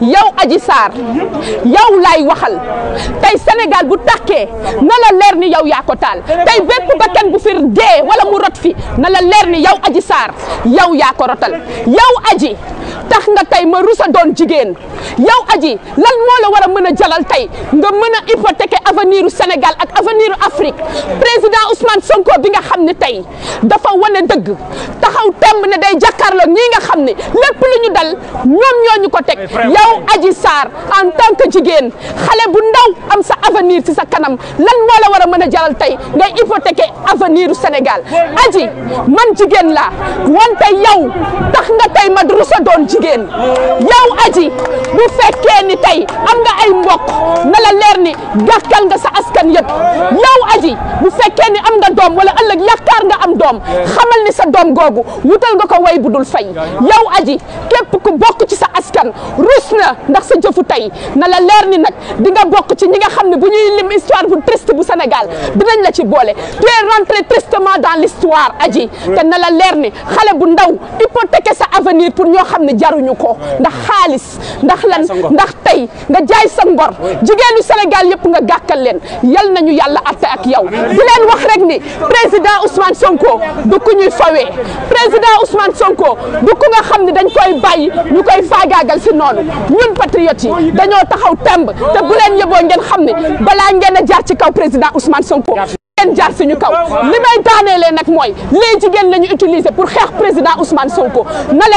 yow Adji Sarr yow laay waxal tey Sénégal bu tàkkee na la leer ni yow yaa ko taal tey bépp bakkan bu fi dee wala mu rot fi na la leer ni yow aji Sarr yow yaa ko rotal yow Adji tax nga tey ma rusa doon jigéen yow Adji lan moo la war a mën a jalal tey nga mën a avenir u ak avenir u Afrique président Ousmane Sonko bi nga xam ne tey dafa wane dëgg taxaw temb ne day jàkkaarloo ñii nga xam ne lépp lu ñu dal ñoom ñoo ñu ko teg yow Adji Sarr en tant que jigéen xale bu ndaw am sa avenir ci sa kanam lan moo la war a mën a jaral tey ngay hypothéquer avenir u Sénégal man jigéen laa wante yow tax nga tey ma rusa doon jigéen yow Adji bu fekkee ni am nga ay mbokk na la leer ni gàkkal nga nga sa askan yëpp yow aji bu fekkee ni am nga doom wala ëllëg yaakaar nga am doom xamal ni sa doom googu wutal nga ko way bu dul fay yow aji képp ku bokk ndeysaan rus na ndax sa jëfu tey na la leer ni nag di bokk ci ñi nga xam ne bu ñuy lim histoire bu triste bu Sénégal dinañ la ci boole tu es rentré tristement dans l'histoire aji te na la leer ni xale bu ndaw hypothéquer sa avenir pour ñoo xam ne jaruñu ko ndax xaalis ndax lan ndax tey nga jaay sa ngor jigéenu Sénégal yëpp nga gàkkal leen yal nañu yàlla atte ak yow di leen wax rek ni président Ousmane Sonko du ku ñuy fawee président Ousmane Sonko du ku nga xam mel si noonu ñun patriotes yi dañoo taxaw temb te bu leen yëboo ngeen xam ne balaa ngeen a jaar ci kaw président Ousmane Sonko ngeen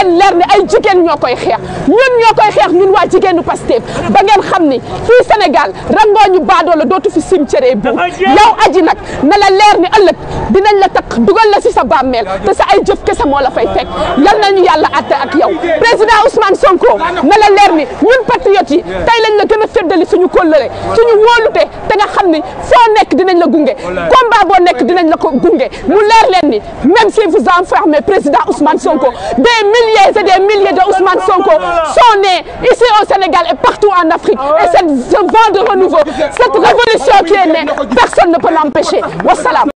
ñu leer ne ay jigéen ñoo koy xeex ñun ñoo koy xeex ñun waa jigéenu Pastef ba ngeen xam ni fii Sénégal rangoo ñu baadoo la dootu fi cimetière bu yow aji nag na la leer ni ëllëg dinañ la takk dugal sa bàmmeel te sa ay jëf kese moo la fay fekk yal nañu yàlla àtte ak yow président Ousmane Sonko na la leer ni ñun patriotes yi tey lañ la gën a feddali suñu kóllëre suñu wóolute te nga xam ni foo nekk dinañ la gunge combat boo nekk dinañ la ko gunge mu leer leen ni même si vous enfermez président Ousmane Sonko des milliers et des milliers de Ousmane Sonko sont nés ici au Sénégal et partout en Afrique et cette ce de renouveau cette révolution qui est née personne ne peut l'empêcher wassalam